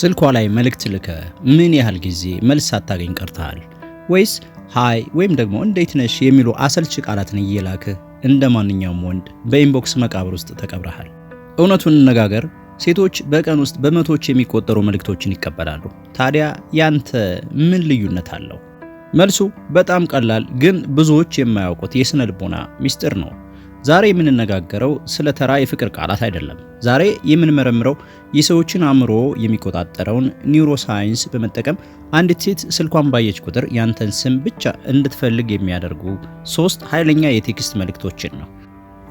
ስልኳ ላይ መልእክት ልከ ምን ያህል ጊዜ መልስ ሳታገኝ ቀርተሃል? ወይስ ሃይ ወይም ደግሞ እንዴት ነሽ የሚሉ አሰልች ቃላትን እየላክህ እንደ ማንኛውም ወንድ በኢንቦክስ መቃብር ውስጥ ተቀብረሃል። እውነቱን እንነጋገር፣ ሴቶች በቀን ውስጥ በመቶዎች የሚቆጠሩ መልእክቶችን ይቀበላሉ። ታዲያ ያንተ ምን ልዩነት አለው? መልሱ በጣም ቀላል ግን ብዙዎች የማያውቁት የስነ ልቦና ሚስጥር ነው። ዛሬ የምንነጋገረው ስለ ተራ የፍቅር ቃላት አይደለም። ዛሬ የምንመረምረው የሰዎችን አእምሮ የሚቆጣጠረውን ኒውሮሳይንስ በመጠቀም አንዲት ሴት ስልኳን ባየች ቁጥር ያንተን ስም ብቻ እንድትፈልግ የሚያደርጉ ሶስት ኃይለኛ የቴክስት መልእክቶችን ነው።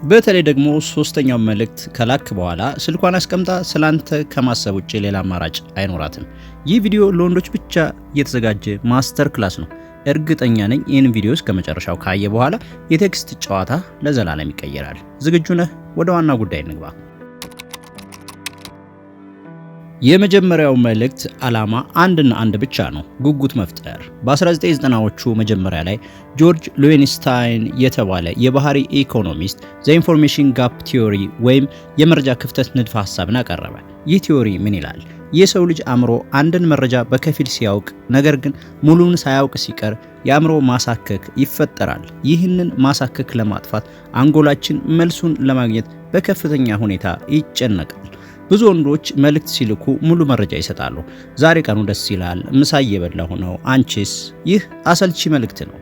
በተለይ ደግሞ ሶስተኛው መልእክት ከላክ በኋላ ስልኳን አስቀምጣ ስላንተ ከማሰብ ውጭ ሌላ አማራጭ አይኖራትም። ይህ ቪዲዮ ለወንዶች ብቻ የተዘጋጀ ማስተር ክላስ ነው። እርግጠኛ ነኝ ይህን ቪዲዮ እስከ መጨረሻው ካየ በኋላ የቴክስት ጨዋታ ለዘላለም ይቀየራል። ዝግጁ ነህ? ወደ ዋና ጉዳይ እንግባ። የመጀመሪያው መልእክት ዓላማ አንድና አንድ ብቻ ነው፣ ጉጉት መፍጠር። በ1990ዎቹ መጀመሪያ ላይ ጆርጅ ሉዌንስታይን የተባለ የባህሪ ኢኮኖሚስት ዘ ኢንፎርሜሽን ጋፕ ቲዮሪ ወይም የመረጃ ክፍተት ንድፈ ሐሳብን አቀረበ። ይህ ቲዮሪ ምን ይላል? የሰው ልጅ አእምሮ አንድን መረጃ በከፊል ሲያውቅ ነገር ግን ሙሉን ሳያውቅ ሲቀር የአእምሮ ማሳከክ ይፈጠራል። ይህንን ማሳከክ ለማጥፋት አንጎላችን መልሱን ለማግኘት በከፍተኛ ሁኔታ ይጨነቃል። ብዙ ወንዶች መልእክት ሲልኩ ሙሉ መረጃ ይሰጣሉ። ዛሬ ቀኑ ደስ ይላል፣ ምሳ እየበላሁ ነው፣ አንቺስ? ይህ አሰልቺ መልእክት ነው።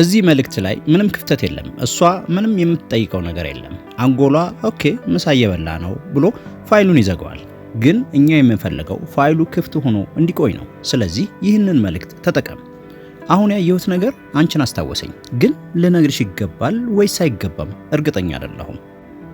እዚህ መልእክት ላይ ምንም ክፍተት የለም። እሷ ምንም የምትጠይቀው ነገር የለም። አንጎሏ ኦኬ ምሳ እየበላ ነው ብሎ ፋይሉን ይዘጋዋል። ግን እኛ የምንፈልገው ፋይሉ ክፍት ሆኖ እንዲቆይ ነው። ስለዚህ ይህንን መልእክት ተጠቀም። አሁን ያየሁት ነገር አንቺን አስታወሰኝ፣ ግን ልነግርሽ ይገባል ወይስ አይገባም እርግጠኛ አይደለሁም።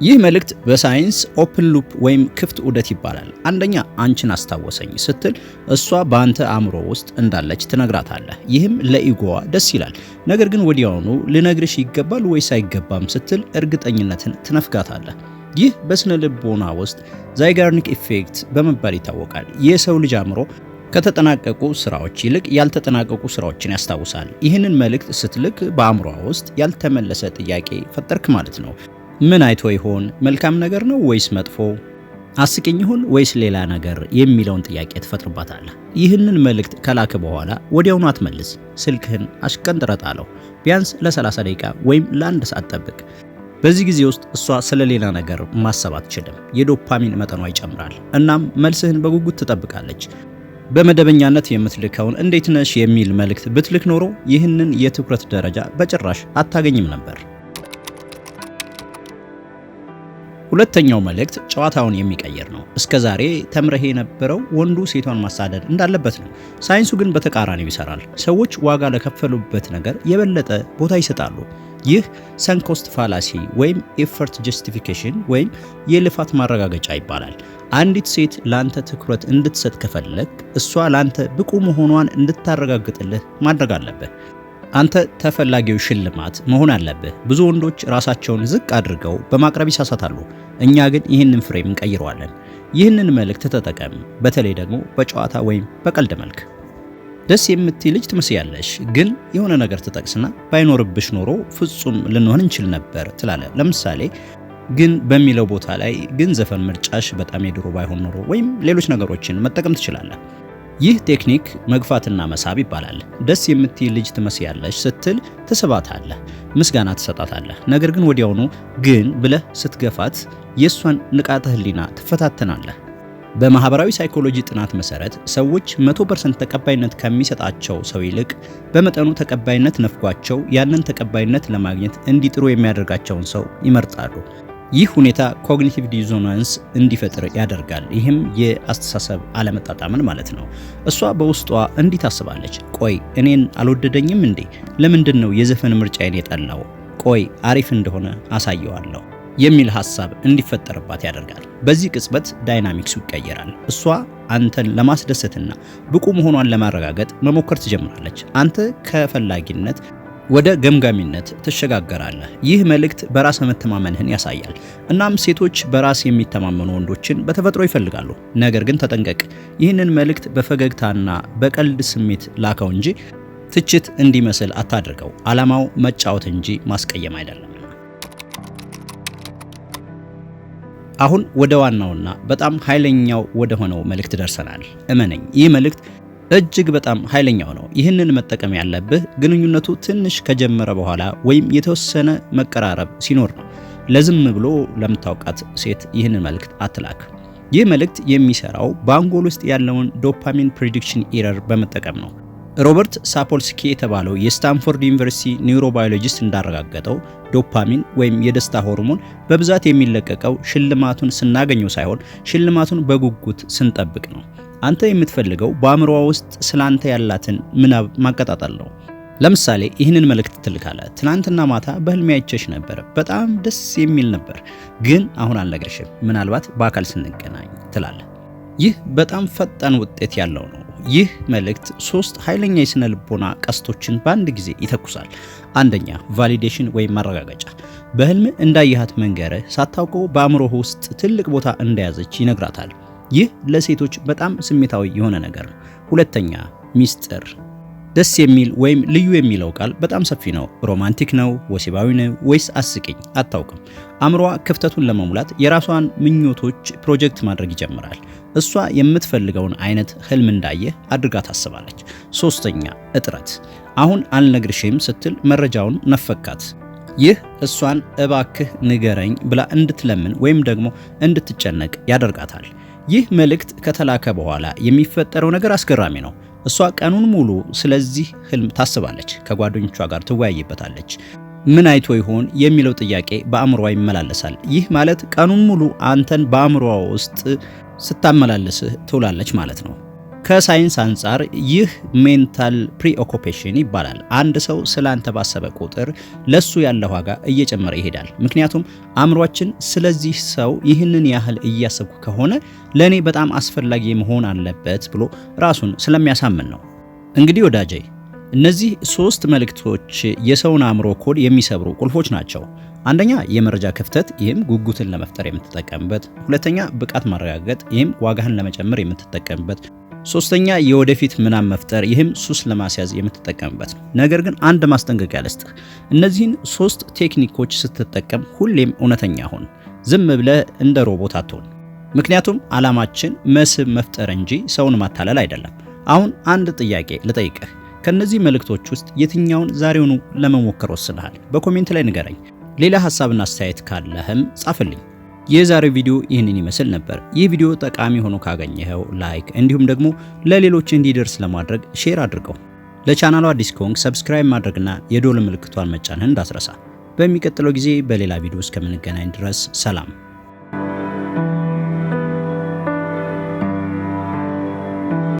ይህ መልእክት በሳይንስ ኦፕን ሉፕ ወይም ክፍት ዑደት ይባላል። አንደኛ አንቺን አስታወሰኝ ስትል እሷ በአንተ አእምሮ ውስጥ እንዳለች ትነግራታለህ። ይህም ለኢጎዋ ደስ ይላል። ነገር ግን ወዲያውኑ ልነግርሽ ይገባል ወይስ አይገባም ስትል እርግጠኝነትን ትነፍጋታለህ። ይህ በስነ ልቦና ውስጥ ዛይጋርኒክ ኢፌክት በመባል ይታወቃል። የሰው ልጅ አእምሮ ከተጠናቀቁ ስራዎች ይልቅ ያልተጠናቀቁ ስራዎችን ያስታውሳል። ይህንን መልእክት ስትልክ በአእምሯ ውስጥ ያልተመለሰ ጥያቄ ፈጠርክ ማለት ነው። ምን አይቶ ይሆን? መልካም ነገር ነው ወይስ መጥፎ? አስቂኝ ይሁን ወይስ ሌላ ነገር የሚለውን ጥያቄ ትፈጥርባታለህ። ይህንን መልእክት ከላክ በኋላ ወዲያውኑ አትመልስ። ስልክህን አሽቀንጥረህ ጣለው። ቢያንስ ለ30 ደቂቃ ወይም ለአንድ ሰዓት ጠብቅ። በዚህ ጊዜ ውስጥ እሷ ስለሌላ ነገር ማሰብ አትችልም። የዶፓሚን መጠኗ ይጨምራል። እናም መልስህን በጉጉት ትጠብቃለች። በመደበኛነት የምትልከውን እንዴት ነሽ የሚል መልእክት ብትልክ ኖሮ ይህንን የትኩረት ደረጃ በጭራሽ አታገኝም ነበር። ሁለተኛው መልእክት ጨዋታውን የሚቀይር ነው። እስከ ዛሬ ተምረህ የነበረው ወንዱ ሴቷን ማሳደድ እንዳለበት ነው። ሳይንሱ ግን በተቃራኒው ይሰራል። ሰዎች ዋጋ ለከፈሉበት ነገር የበለጠ ቦታ ይሰጣሉ። ይህ ሰንኮስት ፋላሲ ወይም ኤፈርት ጀስቲፊኬሽን ወይም የልፋት ማረጋገጫ ይባላል። አንዲት ሴት ላንተ ትኩረት እንድትሰጥ ከፈለግ እሷ ላንተ ብቁ መሆኗን እንድታረጋግጥልህ ማድረግ አለብህ። አንተ ተፈላጊው ሽልማት መሆን አለብህ። ብዙ ወንዶች ራሳቸውን ዝቅ አድርገው በማቅረብ ይሳሳታሉ። እኛ ግን ይህንን ፍሬም እንቀይረዋለን። ይህንን መልእክት ተጠቀም፣ በተለይ ደግሞ በጨዋታ ወይም በቀልድ መልክ። ደስ የምትይ ልጅ ትመስያለሽ፣ ግን የሆነ ነገር ትጠቅስና ባይኖርብሽ ኖሮ ፍጹም ልንሆን እንችል ነበር ትላለ። ለምሳሌ ግን በሚለው ቦታ ላይ ግን ዘፈን ምርጫሽ በጣም የድሮ ባይሆን ኖሮ ወይም ሌሎች ነገሮችን መጠቀም ትችላለ ይህ ቴክኒክ መግፋትና መሳብ ይባላል። ደስ የምትይ ልጅ ትመስያለሽ ስትል ትስባታለህ፣ ምስጋና ትሰጣታለህ። ነገር ግን ወዲያውኑ ግን ብለህ ስትገፋት የእሷን ንቃተ ህሊና ትፈታተናለህ። በማህበራዊ ሳይኮሎጂ ጥናት መሰረት ሰዎች 100% ተቀባይነት ከሚሰጣቸው ሰው ይልቅ በመጠኑ ተቀባይነት ነፍጓቸው ያንን ተቀባይነት ለማግኘት እንዲጥሩ የሚያደርጋቸውን ሰው ይመርጣሉ። ይህ ሁኔታ ኮግኒቲቭ ዲዞናንስ እንዲፈጥር ያደርጋል። ይህም የአስተሳሰብ አለመጣጣምን ማለት ነው። እሷ በውስጧ እንዲህ ታስባለች፣ ቆይ እኔን አልወደደኝም እንዴ? ለምንድን ነው የዘፈን ምርጫዬን የጠላው? ቆይ አሪፍ እንደሆነ አሳየዋለሁ። የሚል ሐሳብ እንዲፈጠርባት ያደርጋል። በዚህ ቅጽበት ዳይናሚክሱ ይቀየራል። እሷ አንተን ለማስደሰትና ብቁ መሆኗን ለማረጋገጥ መሞከር ትጀምራለች። አንተ ከፈላጊነት ወደ ገምጋሚነት ትሸጋገራለህ። ይህ መልእክት በራስ መተማመንህን ያሳያል። እናም ሴቶች በራስ የሚተማመኑ ወንዶችን በተፈጥሮ ይፈልጋሉ። ነገር ግን ተጠንቀቅ። ይህንን መልእክት በፈገግታና በቀልድ ስሜት ላከው እንጂ ትችት እንዲመስል አታድርገው። ዓላማው መጫወት እንጂ ማስቀየም አይደለም። አሁን ወደ ዋናውና በጣም ኃይለኛው ወደ ሆነው መልእክት ደርሰናል። እመነኝ፣ ይህ መልእክት እጅግ በጣም ኃይለኛው ነው። ይህንን መጠቀም ያለብህ ግንኙነቱ ትንሽ ከጀመረ በኋላ ወይም የተወሰነ መቀራረብ ሲኖር ነው። ለዝም ብሎ ለምታውቃት ሴት ይህንን መልእክት አትላክ። ይህ መልእክት የሚሰራው በአንጎል ውስጥ ያለውን ዶፓሚን ፕሪዲክሽን ኢረር በመጠቀም ነው። ሮበርት ሳፖልስኪ የተባለው የስታንፎርድ ዩኒቨርሲቲ ኒውሮባዮሎጂስት እንዳረጋገጠው ዶፓሚን ወይም የደስታ ሆርሞን በብዛት የሚለቀቀው ሽልማቱን ስናገኘው ሳይሆን ሽልማቱን በጉጉት ስንጠብቅ ነው። አንተ የምትፈልገው በአእምሮዋ ውስጥ ስላንተ ያላትን ምናብ ማቀጣጠል ነው። ለምሳሌ ይህንን መልእክት ትልካለ። ትናንትና ማታ በህልሜ አይቼሽ ነበር፣ በጣም ደስ የሚል ነበር፣ ግን አሁን አልነግርሽም፣ ምናልባት በአካል ስንገናኝ ትላለ። ይህ በጣም ፈጣን ውጤት ያለው ነው። ይህ መልእክት ሶስት ኃይለኛ የስነ ልቦና ቀስቶችን በአንድ ጊዜ ይተኩሳል። አንደኛ ቫሊዴሽን ወይም ማረጋገጫ። በህልም እንዳየሃት መንገረ ሳታውቀው በአእምሮህ ውስጥ ትልቅ ቦታ እንደያዘች ይነግራታል። ይህ ለሴቶች በጣም ስሜታዊ የሆነ ነገር ነው። ሁለተኛ ሚስጥር ደስ የሚል ወይም ልዩ የሚለው ቃል በጣም ሰፊ ነው። ሮማንቲክ ነው፣ ወሲባዊ ነው ወይስ አስቂኝ አታውቅም። አእምሯ ክፍተቱን ለመሙላት የራሷን ምኞቶች ፕሮጀክት ማድረግ ይጀምራል። እሷ የምትፈልገውን አይነት ህልም እንዳየ አድርጋ ታስባለች። ሶስተኛ እጥረት። አሁን አልነግርሽም ስትል መረጃውን ነፈካት። ይህ እሷን እባክህ ንገረኝ ብላ እንድትለምን ወይም ደግሞ እንድትጨነቅ ያደርጋታል። ይህ መልእክት ከተላከ በኋላ የሚፈጠረው ነገር አስገራሚ ነው። እሷ ቀኑን ሙሉ ስለዚህ ህልም ታስባለች፣ ከጓደኞቿ ጋር ትወያይበታለች። ምን አይቶ ይሆን የሚለው ጥያቄ በአእምሮዋ ይመላለሳል። ይህ ማለት ቀኑን ሙሉ አንተን በአእምሮዋ ውስጥ ስታመላልስህ ትውላለች ማለት ነው። ከሳይንስ አንጻር ይህ ሜንታል ፕሪኦኮፔሽን ይባላል። አንድ ሰው አንተ ባሰበ ቁጥር ለሱ ያለ ዋጋ እየጨመረ ይሄዳል። ምክንያቱም አእምሯችን ስለዚህ ሰው ይህንን ያህል እያሰብኩ ከሆነ ለእኔ በጣም አስፈላጊ መሆን አለበት ብሎ ራሱን ስለሚያሳምን ነው። እንግዲህ ወዳጄ እነዚህ ሶስት መልእክቶች የሰውን አእምሮ ኮድ የሚሰብሩ ቁልፎች ናቸው። አንደኛ የመረጃ ክፍተት፣ ይህም ጉጉትን ለመፍጠር የምትጠቀምበት። ሁለተኛ ብቃት ማረጋገጥ፣ ይህም ዋጋህን ለመጨመር የምትጠቀምበት። ሶስተኛ የወደፊት ምናም መፍጠር፣ ይህም ሱስ ለማስያዝ የምትጠቀምበት ነው። ነገር ግን አንድ ማስጠንቀቂያ ልስጥህ። እነዚህን ሶስት ቴክኒኮች ስትጠቀም ሁሌም እውነተኛ ሆን፣ ዝም ብለህ እንደ ሮቦት አትሆን። ምክንያቱም ዓላማችን መስህብ መፍጠር እንጂ ሰውን ማታለል አይደለም። አሁን አንድ ጥያቄ ልጠይቅህ። ከእነዚህ መልእክቶች ውስጥ የትኛውን ዛሬውኑ ለመሞከር ወስነሃል? በኮሜንት ላይ ንገረኝ። ሌላ ሀሳብና አስተያየት ካለህም ጻፍልኝ። የዛሬው ቪዲዮ ይህንን ይመስል ነበር። ይህ ቪዲዮ ጠቃሚ ሆኖ ካገኘኸው ላይክ፣ እንዲሁም ደግሞ ለሌሎች እንዲደርስ ለማድረግ ሼር አድርገው። ለቻናሉ አዲስ ከሆንክ ሰብስክራይብ ማድረግና የዶል ምልክቷን መጫንህን እንዳትረሳ። በሚቀጥለው ጊዜ በሌላ ቪዲዮ እስከምንገናኝ ድረስ ሰላም።